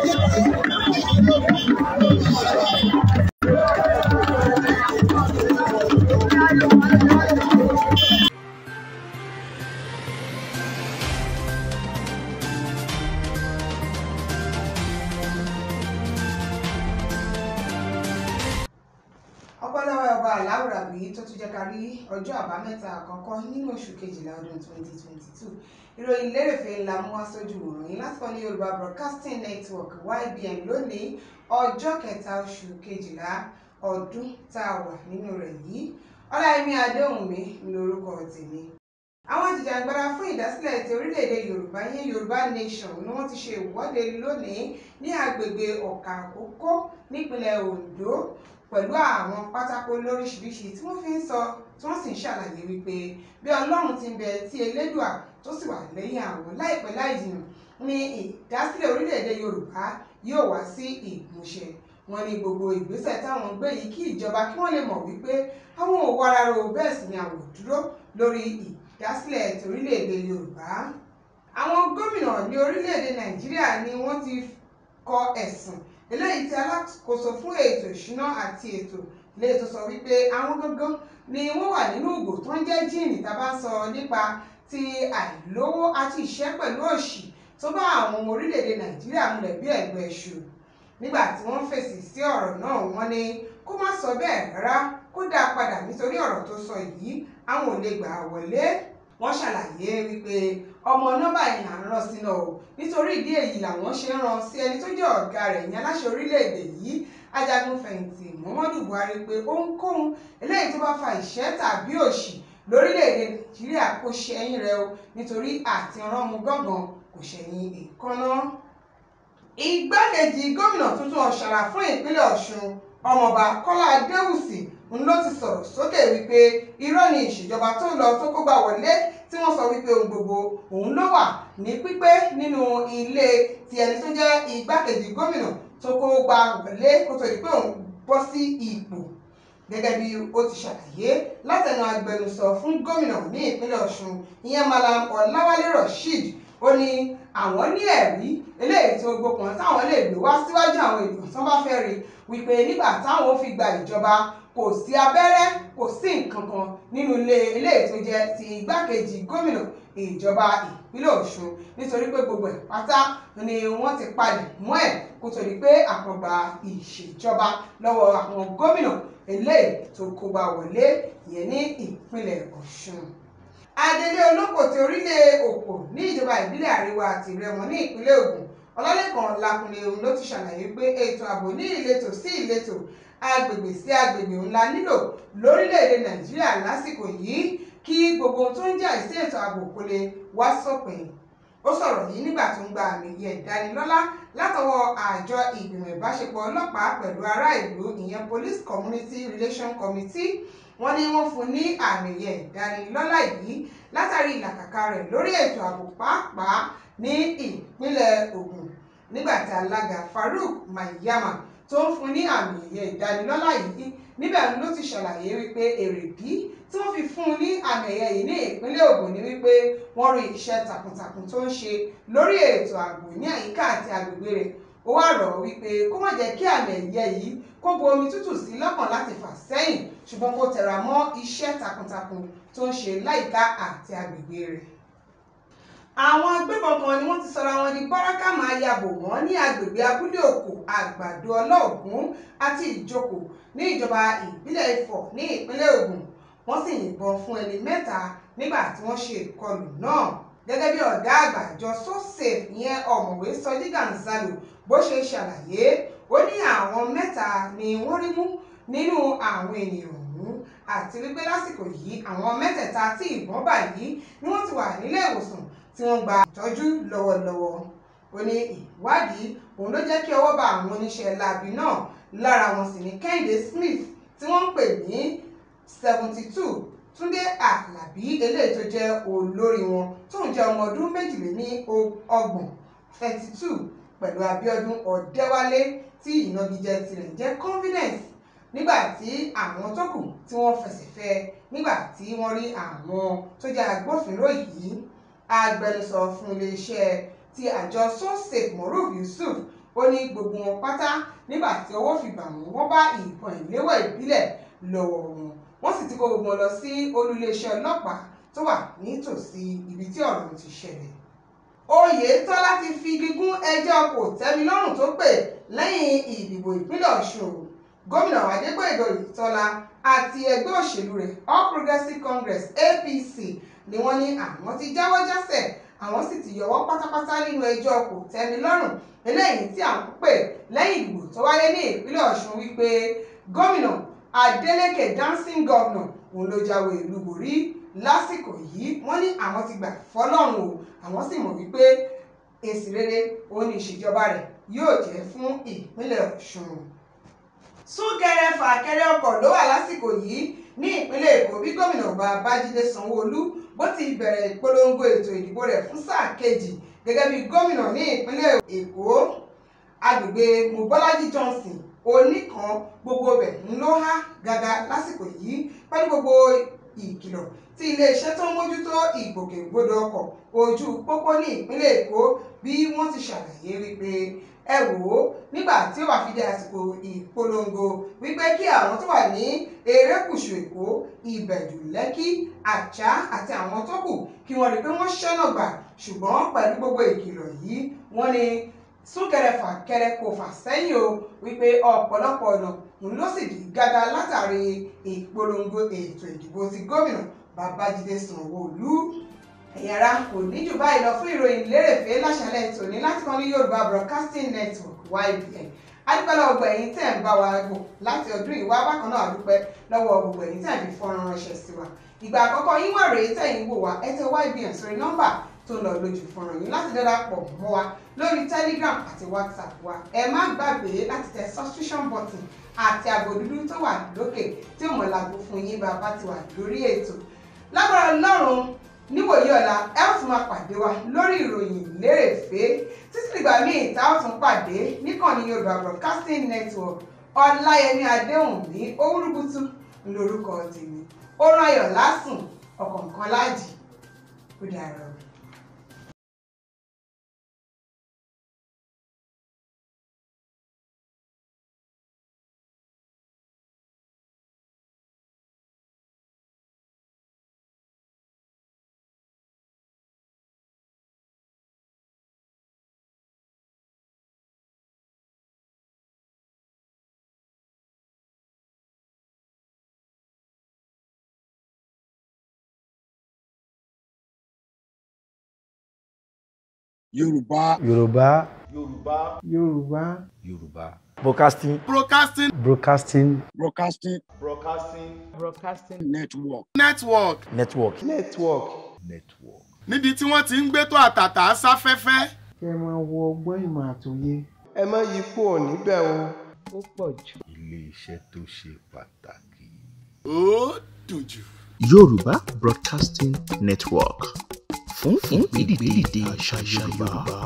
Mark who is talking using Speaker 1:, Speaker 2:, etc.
Speaker 1: C'est un peu comme ça. bàbá aláwùrábí tó tún jẹ́ ká rí ọjọ́ àbámẹ́ta àkọ́kọ́ nínú oṣù kejìlá ọdún 2022 ìròyìn lérèfé la mú wá sójú wòrán yín láti kọ́ ní yorùbá broadcasting network ybn lónìí ọjọ́ kẹta oṣù kejìlá ọdún tá a wà nínú rẹ̀ yìí ọláyẹmí adéhùnmí lórúkọ tèmi àwọn jìjàgbara fún ìdásílẹ̀ ètò orílẹ̀-èdè yorùbá yẹn yorùbá nation ni wọ́n ti ṣe ìwọ́de lónìí ní agbègbè ọ̀kà àkókò nípínlẹ̀ Ondo pẹ̀lú àwọn pátákó lóríṣiríṣi tí wọ́n fi ń sọ tí wọ́n sì ń ṣàlàyé wípé bí Ọlọ́run ti ń bẹ tí Elédùà tó sì wà lẹ́yìn àwọn láìpẹ́ láìjìnà ni ìdásílẹ̀ orílẹ̀-èdè Yorùbá yóò wá sí ìmúṣẹ wọ́n ní gbogbo ìgbésẹ̀ táwọn ń gbé yìí kí ìjọba kí wọ́n lè mọ̀ wípé àwọn ò wara ro bẹ́ẹ̀ sì ni àwọn dúró lórí ìdásílẹ̀ torílẹ̀-èdè Yorùbá àwọn gómìnà ní orílẹ̀-èdè Nàìjíríà ni wọ́n ti kọ ẹ̀sùn eléyìí tí alákòóso fún ètò ìṣúná àti ètò ilé tó sọ wípé àwọn gangan ni wọ́n wà nínú ìgò tó ń jẹ́ jíìnì tá a bá sọ nípa ti àìlówó àti ìṣẹ́ pẹ̀lú òṣì tó bá àwọn ọmọ orílẹ̀-èdè nàìjíríà múlẹ̀ bí ẹ̀gbẹ́ iṣu nígbà tí wọ́n fèsì sí ọ̀rọ̀ náà wọ́n ní kó má sọ bẹ́ẹ̀ rárá kó dáa padà nítorí ọ̀rọ̀ tó sọ yìí àwọn ò lè gbà wọlé wọ́n ṣàlàyé wípé ọmọ nọ́mbà yìí là ń rán síná o nítorí ìdí èyí làwọn ṣe ń ran sí ẹni tó jẹ́ ọ̀gá rẹ̀ ìyẹn aláṣẹ orílẹ̀-èdè yìí ajagunfẹ̀yìntì Muhammadu Buhari pé ohunkóhun eléyìí tó bá fa ìṣẹ́ tàbí òṣì lórílẹ̀-èdè Nàìjíríà kò ṣe ẹ̀yìn rẹ̀ o nítorí àti ránmu gángan kò ṣẹ̀yìn ìkànnà. igbákejì gómìnà tuntun ọ̀ṣàrà fún ìpínlẹ̀ Ọ̀ṣun ọmọọba kọ́lá adéwùsì ń ló ti sọ̀rọ̀ sókè wípé irọ́ ni ìṣèjọba tó lọ tó kó gbà wọlé tí wọ́n sọ wípé ohun gbogbo òun ló wà ní pípé nínú ilé ti ẹni tó jẹ́ igbákejì gómìnà tó kó gbà wọlé kó tó di pé òun bọ́ sí ipò gẹ́gẹ́ bí ó ti ṣàlàyé látẹnu agbẹnusọ fún gómìnà ní ìpínlẹ̀ ọ̀ṣun ìyẹn malam ọláwálé rasheed ó ní àwọn ní ẹ̀rí eléyìí tó gbópọn táwọn lè lò wá síwájú àwọn ènìyàn tán bá fẹ́ rí wípé nígbà táwọn fi gba ìjọba kò sí abẹ́rẹ́ kò sí nǹkan kan nínú ilé eléyìí tó jẹ́ ti igbákejì gómìnà ìjọba ìpínlẹ̀ Ọ̀ṣun nítorí pé gbogbo ẹ̀ pátá ni wọ́n ti palẹ̀ mọ́ ẹ̀ kó tó di pé àkàngbà ìṣèjọba lọ́wọ́ àwọn gómìnà eléyìí tó kógbá wọlé ìyẹn ní ìpínlẹ̀ Ọ̀ṣun adelé olóko ti orílẹ̀ òpó ní ìjọba ìbílẹ̀ àríwá àti ìrẹ̀wọ̀n ní ìpínlẹ̀ Ògùn ọlálẹ́kan lakunlé òun ló ti ṣàlàyé pé ètò ààbò ní ìletò sí ìletò agbègbè sí agbègbè ńlá nílò lórílẹ̀‐èdè nàìjíríà lásìkò yìí kí gbogbo tó ń jà sí ètò ààbò kó lè wá sópin ó sọ̀rọ̀ yìí nígbà tó ń gba àmì ẹ̀yẹ ìdánilọ́lá látọwọ́ àjọ ìgbìmọ̀ ìbáṣepọ̀ ọlọ́pàá pẹ̀lú ará ìlú ìyẹn Police Community Relation Committee wọ́n ní wọ́n fún ní àmì ẹ̀yẹ ìdánilọ́lá yìí látàrí ìlàkàkà rẹ̀ lórí ètò ààbò pàápàá ní ìpínlẹ̀ Ògùn nígbàtí alága Farouk Mayama tó ń fún ní àmì ẹ̀yẹ ìdánilọ́lá yìí níbẹ̀ ló ti ṣàlàyé wípé èrèdí tí wọ́n fi fún un ní àmì ẹ̀yẹ yìí ní ìpínlẹ̀ Ògùn ni wípé wọ́n rí iṣẹ́ takuntakun tó ń ṣe lórí ètò ààbò ní àyíká àti agbègbè rẹ̀ ó wá rọ̀ wípé kó má jẹ́ kí àmì yìí kó bu omi tútù sí lọ́kàn láti fà sẹ́yìn ṣùgbọ́n kó tẹ̀ra mọ́ iṣẹ́ takuntakun tó ń ṣe láìka àti agbègbè rẹ̀ àwọn agbébọn kan ni wọ́n ti sọra wọn di báràkà máa yàbò wọ́n ní agbègbè abúlé òkò àgbàdo ọlọ́ọ̀gùn àti ìjókòó ní ìjọba ìbílẹ̀ ifọ̀ ní ìpínlẹ̀ Ògùn wọ́n sì yìnbọn fún ẹni mẹ́ta nígbà tí wọ́n ṣe ìkọlù náà gẹ́gẹ́ bí ọ̀gá àgbà àjọ sosafe ìyẹn ọ̀mọ̀wé sọjí Gonzalo bó ṣe ṣàlàyé ó ní àwọn mẹ́ta ni wọ́n rí mú nínú àwọn ènìyàn ọ̀hún àti wípé lásìkò yìí àwọn mẹ́tẹ̀ẹ̀ta tí ìbọn bà yìí ni wọ́n ti wà nílé ìwòsàn tí wọ́n gba ìtọ́jú lọ́wọ́lọ́wọ́ ó ní ìwádìí òun ló jẹ́ kí ọwọ́ bá àwọn oníṣẹ́ láabi náà lára wọn sì ní Kẹ́hìndé Smith tí wọ́n ń pè ní seventy two Túndé Àlàbí eléyìí tó jẹ́ olórí wọn tóun jẹ́ ọmọ ọdún méjìléní ọgbọ̀n thirty two pẹ̀lú Abíọ́dún Ọ̀dẹ́wálé tí ìnagijẹ tirẹ̀ jẹ́ confidence nígbà tí àwọn tó kù tí wọ́n fẹsẹ̀ fẹ́ nígbà tí wọ́n rí àwọn tó jẹ́ agbófinró yìí agbẹnusọ fún iléeṣẹ́ ti àjọ sosafe moruf yusuf ó ní gbogbo wọn pátá nígbà tí owó fi bà wọ́n wọ́n bá ìbọn ìléwọ́ ìbílẹ̀ lọ́wọ́ wọn wọ́n sì ti kó gbogbo wọn lọ sí olú iléeṣẹ́ ọlọ́pàá tó wà nítòsí ibi tí ọ̀rọ̀ ti ṣẹlẹ̀ oyetola ti fi gígún ẹjọ́ kò tẹ́mi lọ́rùn tó pè lẹ́yìn ìdìbò ìpínlẹ̀ ọ̀ṣun gómìnà àwọn adégbòyèdè oyètọ́lá àti ẹgbẹ́ òṣèlú rẹ̀ all progressives congress apc ni wọ́n ní àwọn ti jáwọ́ jásẹ̀ àwọn sì ti yọwọ́ pátápátá nínú ẹjọ́ kò tẹ́mi lọ́rùn eléyìí tí à ń pè lẹ́yìn ìdìbò tó wáyé ní ìpínlẹ̀ ọ̀ṣun wípé gómìnà adeleke dancing governor òun ló jáwé ìlú borí lásìkò yìí wọ́n ní àwọn ti gbà fọlọ́run o àwọn sì mọ̀ wípé èsì rere òun ni ìṣèjọba rẹ̀ yóò jẹ́ fún ìpínlẹ̀ ọ̀ṣun súnkẹrẹ fàkẹrẹ ọkọ̀ ló wà lásìkò yìí ní ìpínlẹ̀ èkó bí gómìnà babájídé sanwóolu bó ti bẹ̀rẹ̀ ìpolongo ètò ìdìbò rẹ̀ fún sáà kejì gẹ́gẹ́ bí gómìnà ní ìpínlẹ̀ èkó agbègbè mobolaji johnson oníkan gbogbo rẹ̀ ń ló há gàgà lásìkò yìí pẹ̀lú gbogbo ìkìlọ̀ tí iléeṣẹ́ tó ń mójútó ìgbòkègbodò ọkọ̀ ojú pópó ní ìpínlẹ̀ èkó bí wọ́n ti ṣàlàyé wípé ẹ wò ó nígbà tí ó wà fi di àsìkò ìpolongo wípé kí àwọn tó wà ní erékùṣù èkó ìbẹ̀jú lẹ́kí àjá àti àwọn tó kù kí wọ́n rí pé wọ́n ṣọ́nà gbà ṣùgbọ́n pẹ̀lú gbogbo ìkìlọ̀ yìí wọ́n ní súnkẹrẹfà kẹrẹkò fà sẹ́yìn o wípé ọ̀pọ̀lọpọ̀ ọ̀nà ló sì di gàdà látàrí ìpolongo ètò ìdìbò ti gómìnà Babájídé Sanwó-Olú ẹ̀yin ará kò ní jù báyìí lọ fún ìròyìn lérèfé láṣálẹ́ tòní láti kan ní Yorùbá Broadcasting Network YBN adúpẹ́ lọ́wọ́ gbogbo ẹ̀yin tẹ̀ ń bá wa wò láti ọdún yìí wá bákan náà adúpẹ́ lọ́wọ́ gbogbo ẹ̀yin tẹ̀ ń fi fọ́nrán ránṣẹ́ sí wa ìgbà àkọ́kọ́ yín wà rèé tẹ̀yìn wò wá ẹ YBN sórí nọ́mbà tó lọ lójú fọ́nrán yín láti dọ́dà pọ̀ mọ́ wa lórí Telegram àti WhatsApp wa ẹ má gbàgbé láti tẹ subscription button àti àbò dúdú tó wà lókè tí ò mọ̀ làgbo fún yín bá bá ti wà lórí ètò lágbára Ọlọ́run níwòyí ọ̀la ẹ ó tún máa pàdé wa lórí ìròyìn lérèfé títí dìgbà míì tá ó tún pàdé níkànnì Yorùbá Broadcasting Network Ọláyẹmí Adéhùnmí Owúrúbùtù lórúkọ tèmi ó rán ayọ̀ lásùn ọ̀kọ̀ọ̀kan láàjì ó dàrọ̀. Yorùbá. Yorùbá. Yorùbá. Yorùbá. Yorùbá. Broadcasting. Broadcasting. Broadcasting. Broadcasting. Broadcasting. Broadcasting. Network. Network. Network. Network. Network. Níbi tí wọ́n ti ń gbé tó àtàtà sáfẹ́fẹ́. Ẹ máa wọ ọgbọ́n ìmọ̀ àtòyé. Ẹ má yí kú ọ̀ níbẹ̀ o. Ó pọ̀ jù. Ilé-iṣẹ́ tó ṣe pàtàkì. Ó dùn jù. Yorùbá Broadcasting Network. fún ìgbédìde àṣà Yorùbá.